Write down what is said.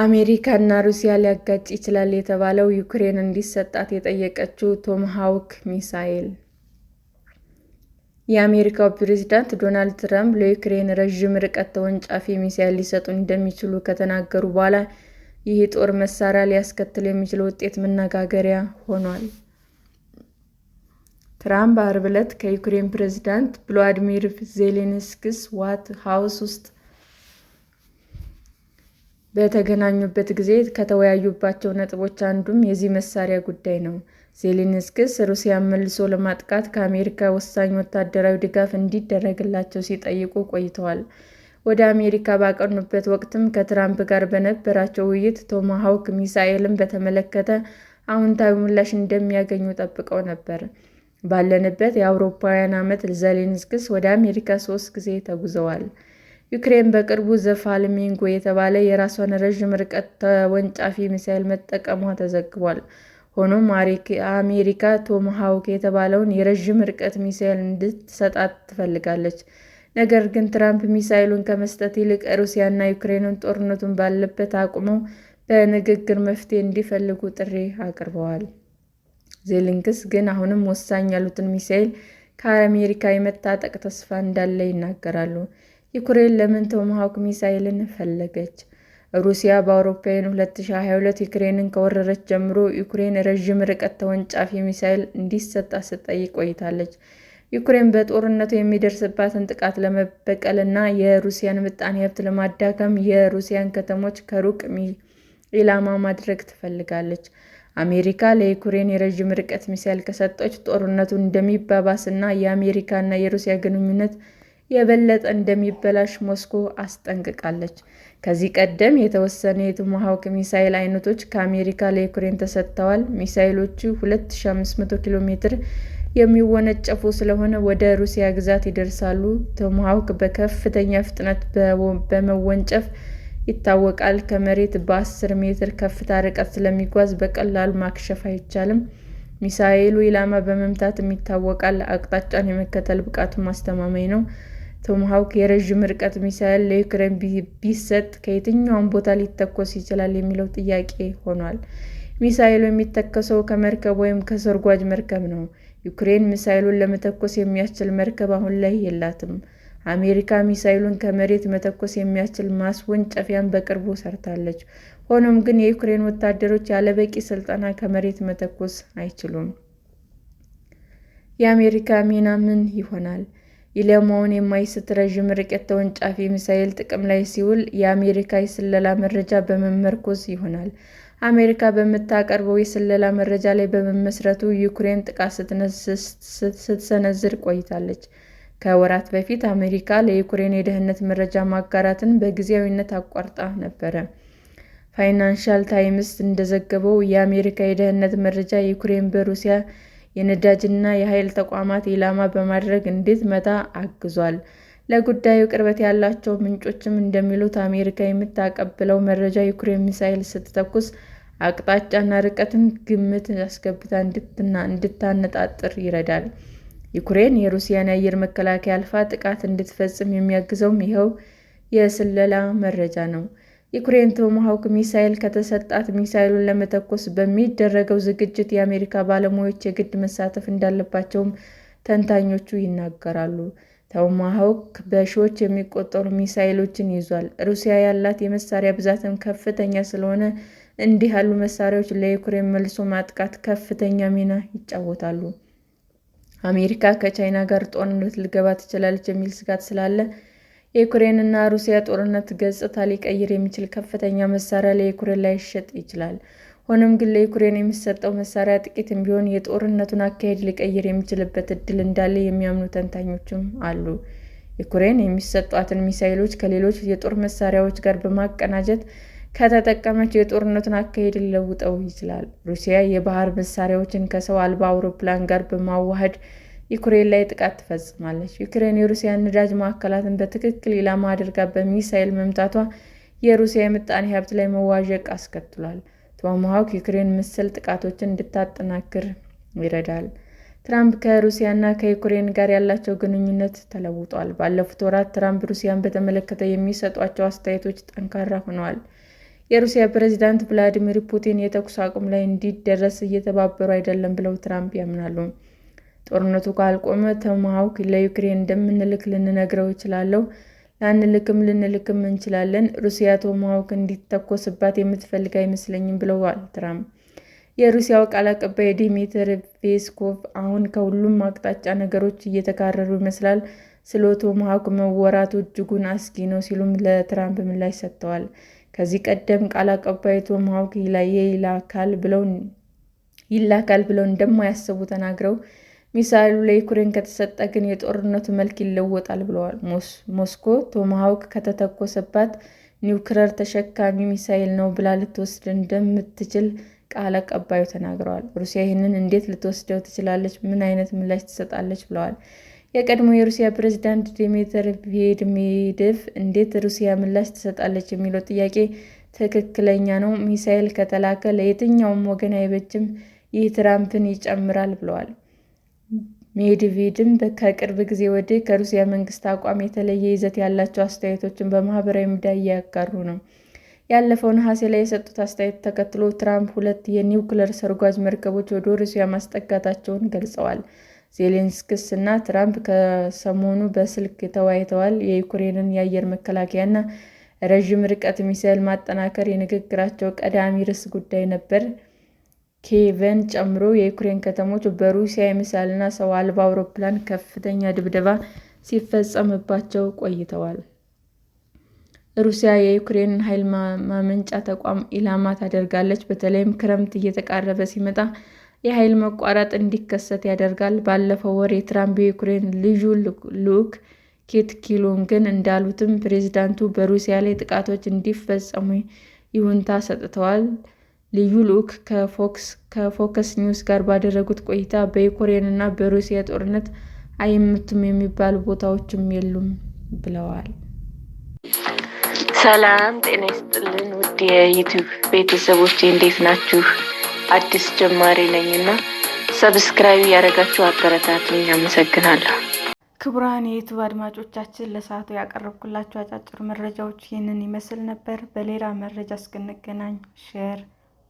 አሜሪካና ሩሲያ ሊያጋጭ ይችላል የተባለው ዩክሬን እንዲሰጣት የጠየቀችው ቶማሃውክ ሚሳኤል። የአሜሪካው ፕሬዝዳንት ዶናልድ ትራምፕ ለዩክሬን ረዥም ርቀት ተወንጫፊ ሚሳኤል ሊሰጡ እንደሚችሉ ከተናገሩ በኋላ ይህ ጦር መሳሪያ ሊያስከትል የሚችለው ውጤት መነጋገሪያ ሆኗል። ትራምፕ አርብ ዕለት ከዩክሬን ፕሬዝዳንት ቮሎዲሚር ዜሌንስኪስ ዋይት ሃውስ ውስጥ በተገናኙበት ጊዜ ከተወያዩባቸው ነጥቦች አንዱም የዚህ መሳሪያ ጉዳይ ነው። ዜሌንስኪስ ሩሲያን መልሶ ለማጥቃት ከአሜሪካ ወሳኝ ወታደራዊ ድጋፍ እንዲደረግላቸው ሲጠይቁ ቆይተዋል። ወደ አሜሪካ ባቀኑበት ወቅትም ከትራምፕ ጋር በነበራቸው ውይይት ቶማሃውክ ሚሳኤልን በተመለከተ አዎንታዊ ምላሽ እንደሚያገኙ ጠብቀው ነበር። ባለንበት የአውሮፓውያን ዓመት ዜሌንስኪስ ወደ አሜሪካ ሶስት ጊዜ ተጉዘዋል። ዩክሬን በቅርቡ ዘ ፍላሚንጎ የተባለ የራሷን ረዥም ርቀት ተወንጫፊ ሚሳኤል መጠቀሟ ተዘግቧል። ሆኖም አሜሪካ ቶማሃውክ የተባለውን የረዥም ርቀት ሚሳኤል እንድትሰጣት ትፈልጋለች። ነገር ግን ትራምፕ ሚሳኤሉን ከመስጠት ይልቅ ሩሲያና ዩክሬንን ጦርነቱን ባለበት አቁመው በንግግር መፍትሄ እንዲፈልጉ ጥሪ አቅርበዋል። ዜሌንስኪ ግን አሁንም ወሳኝ ያሉትን ሚሳኤል ከአሜሪካ የመታጠቅ ተስፋ እንዳለ ይናገራሉ። ዩክሬን ለምን ቶማሃውክ ሚሳኤልን ፈለገች? ሩሲያ በአውሮፓውያን 2022 ዩክሬንን ከወረረች ጀምሮ ዩክሬን ረዥም ርቀት ተወንጫፊ ሚሳኤል እንዲሰጣ ስትጠይቅ ቆይታለች። ዩክሬን በጦርነቱ የሚደርስባትን ጥቃት ለመበቀልና የሩሲያን ምጣኔ ሀብት ለማዳከም የሩሲያን ከተሞች ከሩቅ ኢላማ ማድረግ ትፈልጋለች። አሜሪካ ለዩክሬን የረዥም ርቀት ሚሳኤል ከሰጠች ጦርነቱ እንደሚባባስና የአሜሪካና የሩሲያ ግንኙነት የበለጠ እንደሚበላሽ ሞስኮ አስጠንቅቃለች። ከዚህ ቀደም የተወሰኑ የቶማሃውክ ሚሳይል አይነቶች ከአሜሪካ ለዩክሬን ተሰጥተዋል። ሚሳይሎቹ 2500 ኪሎ ሜትር የሚወነጨፉ ስለሆነ ወደ ሩሲያ ግዛት ይደርሳሉ። ቶማሃውክ በከፍተኛ ፍጥነት በመወንጨፍ ይታወቃል። ከመሬት በ10 ሜትር ከፍታ ርቀት ስለሚጓዝ በቀላሉ ማክሸፍ አይቻልም። ሚሳኤሉ ኢላማ በመምታትም ይታወቃል። አቅጣጫን የመከተል ብቃቱም አስተማማኝ ነው። ቶማሃውክ የረዥም ርቀት ሚሳኤል ለዩክሬን ቢሰጥ ከየትኛውም ቦታ ሊተኮስ ይችላል የሚለው ጥያቄ ሆኗል። ሚሳኤሉ የሚተከሰው ከመርከብ ወይም ከሰርጓጅ መርከብ ነው። ዩክሬን ሚሳኤሉን ለመተኮስ የሚያስችል መርከብ አሁን ላይ የላትም። አሜሪካ ሚሳኤሉን ከመሬት መተኮስ የሚያስችል ማስወንጨፊያን በቅርቡ ሰርታለች። ሆኖም ግን የዩክሬን ወታደሮች ያለበቂ ስልጠና ከመሬት መተኮስ አይችሉም። የአሜሪካ ሚና ምን ይሆናል? ኢላማውን የማይስት ረዥም ርቀት ተወንጫፊ ሚሳኤል ጥቅም ላይ ሲውል የአሜሪካ የስለላ መረጃ በመመርኮዝ ይሆናል። አሜሪካ በምታቀርበው የስለላ መረጃ ላይ በመመስረቱ ዩክሬን ጥቃት ስትሰነዝር ቆይታለች። ከወራት በፊት አሜሪካ ለዩክሬን የደህንነት መረጃ ማጋራትን በጊዜያዊነት አቋርጣ ነበረ። ፋይናንሻል ታይምስ እንደዘገበው የአሜሪካ የደህንነት መረጃ ዩክሬን በሩሲያ የነዳጅና የኃይል ተቋማት ኢላማ በማድረግ እንድትመታ አግዟል። ለጉዳዩ ቅርበት ያላቸው ምንጮችም እንደሚሉት አሜሪካ የምታቀብለው መረጃ ዩክሬን ሚሳኤል ስትተኩስ አቅጣጫና ርቀትን ግምት አስገብታ እንድታነጣጥር ይረዳል። ዩክሬን የሩሲያን የአየር መከላከያ አልፋ ጥቃት እንድትፈጽም የሚያግዘውም ይኸው የስለላ መረጃ ነው። ዩክሬን ቶማሆክ ሚሳይል ከተሰጣት ሚሳይሉን ለመተኮስ በሚደረገው ዝግጅት የአሜሪካ ባለሙያዎች የግድ መሳተፍ እንዳለባቸውም ተንታኞቹ ይናገራሉ። ቶማሆክ በሺዎች የሚቆጠሩ ሚሳይሎችን ይዟል። ሩሲያ ያላት የመሳሪያ ብዛትም ከፍተኛ ስለሆነ እንዲህ ያሉ መሳሪያዎች ለዩክሬን መልሶ ማጥቃት ከፍተኛ ሚና ይጫወታሉ። አሜሪካ ከቻይና ጋር ጦርነት ልገባ ትችላለች የሚል ስጋት ስላለ የዩክሬንና ሩሲያ ጦርነት ገጽታ ሊቀይር የሚችል ከፍተኛ መሳሪያ ለዩክሬን ላይሸጥ ይችላል። ሆኖም ግን ለዩክሬን የሚሰጠው መሳሪያ ጥቂትም ቢሆን የጦርነቱን አካሄድ ሊቀይር የሚችልበት እድል እንዳለ የሚያምኑ ተንታኞችም አሉ። ዩክሬን የሚሰጧትን ሚሳይሎች ከሌሎች የጦር መሳሪያዎች ጋር በማቀናጀት ከተጠቀመች የጦርነቱን አካሄድ ሊለውጠው ይችላል። ሩሲያ የባህር መሳሪያዎችን ከሰው አልባ አውሮፕላን ጋር በማዋሃድ ዩክሬን ላይ ጥቃት ትፈጽማለች። ዩክሬን የሩሲያን ነዳጅ ማዕከላትን በትክክል ኢላማ አድርጋ በሚሳኤል መምታቷ የሩሲያ የምጣኔ ሀብት ላይ መዋዠቅ አስከትሏል። ቶማሃውክ ዩክሬን መሰል ጥቃቶችን እንድታጠናክር ይረዳል። ትራምፕ ከሩሲያና ከዩክሬን ጋር ያላቸው ግንኙነት ተለውጧል። ባለፉት ወራት ትራምፕ ሩሲያን በተመለከተ የሚሰጧቸው አስተያየቶች ጠንካራ ሆነዋል። የሩሲያ ፕሬዚዳንት ቭላዲሚር ፑቲን የተኩስ አቁም ላይ እንዲደረስ እየተባበሩ አይደለም ብለው ትራምፕ ያምናሉ። ጦርነቱ ካልቆመ ቶማሃውክ ለዩክሬን እንደምንልክ ልንነግረው ይችላለሁ ላንልክም ልንልክም እንችላለን። ሩሲያ ቶማሃውክ እንዲተኮስባት የምትፈልግ አይመስለኝም ብለዋል ትራምፕ። የሩሲያው ቃል አቀባይ ዲሚትሪ ፔስኮቭ አሁን ከሁሉም አቅጣጫ ነገሮች እየተካረሩ ይመስላል፣ ስለ ቶማሃውክ መወራቱ እጅጉን አስጊ ነው ሲሉም ለትራምፕ ምላሽ ሰጥተዋል። ከዚህ ቀደም ቃል አቀባይ ቶማሃውክ ይላካል ብለው እንደማያስቡ ተናግረው ሚሳኤሉ ለዩክሬን ከተሰጠ ግን የጦርነቱ መልክ ይለወጣል ብለዋል። ሞስኮ ቶማሃውክ ከተተኮሰባት ኒውክለር ተሸካሚ ሚሳኤል ነው ብላ ልትወስድ እንደምትችል ቃል አቀባዩ ተናግረዋል። ሩሲያ ይህንን እንዴት ልትወስደው ትችላለች? ምን አይነት ምላሽ ትሰጣለች? ብለዋል። የቀድሞ የሩሲያ ፕሬዝዳንት ዲሚትር ሜድቬዴቭ እንዴት ሩሲያ ምላሽ ትሰጣለች የሚለው ጥያቄ ትክክለኛ ነው። ሚሳኤል ከተላከ ለየትኛውም ወገን አይበጅም። ይህ ትራምፕን ይጨምራል ብለዋል። ሜድቬዴቭ ከቅርብ ጊዜ ወዲህ ከሩሲያ መንግስት አቋም የተለየ ይዘት ያላቸው አስተያየቶችን በማህበራዊ ሚዲያ እያጋሩ ነው። ያለፈው ነሐሴ ላይ የሰጡት አስተያየት ተከትሎ ትራምፕ ሁለት የኒውክለር ሰርጓጅ መርከቦች ወደ ሩሲያ ማስጠጋታቸውን ገልጸዋል። ዜሌንስኪስ እና ትራምፕ ከሰሞኑ በስልክ ተወያይተዋል። የዩክሬንን የአየር መከላከያና ረዥም ርቀት ሚሳይል ማጠናከር የንግግራቸው ቀዳሚ ርዕስ ጉዳይ ነበር። ኬቨን ጨምሮ የዩክሬን ከተሞች በሩሲያ የሚሳኤልና ሰው አልባ አውሮፕላን ከፍተኛ ድብደባ ሲፈጸምባቸው ቆይተዋል። ሩሲያ የዩክሬንን ኃይል ማመንጫ ተቋም ኢላማ ታደርጋለች። በተለይም ክረምት እየተቃረበ ሲመጣ የኃይል መቋረጥ እንዲከሰት ያደርጋል። ባለፈው ወር የትራምፕ የዩክሬን ልዩ ልዑክ ኬት ግን እንዳሉትም ፕሬዝዳንቱ በሩሲያ ላይ ጥቃቶች እንዲፈጸሙ ይሁንታ ሰጥተዋል። ልዩ ልዑክ ከፎክስ ኒውስ ጋር ባደረጉት ቆይታ እና በሩሲያ ጦርነት አይምቱም የሚባሉ ቦታዎችም የሉም ብለዋል። ሰላም ጤና ይስጥልን ውድ የዩቱብ ቤተሰቦች እንዴት ናችሁ? አዲስ ጀማሪ ነኝ እና ሰብስክራይብ ያደረጋችሁ አበረታቱኝ። አመሰግናለሁ። ክቡራን የዩቱብ አድማጮቻችን ለሰዓቱ ያቀረብኩላችሁ አጫጭር መረጃዎች ይህንን ይመስል ነበር። በሌላ መረጃ እስክንገናኝ ሼር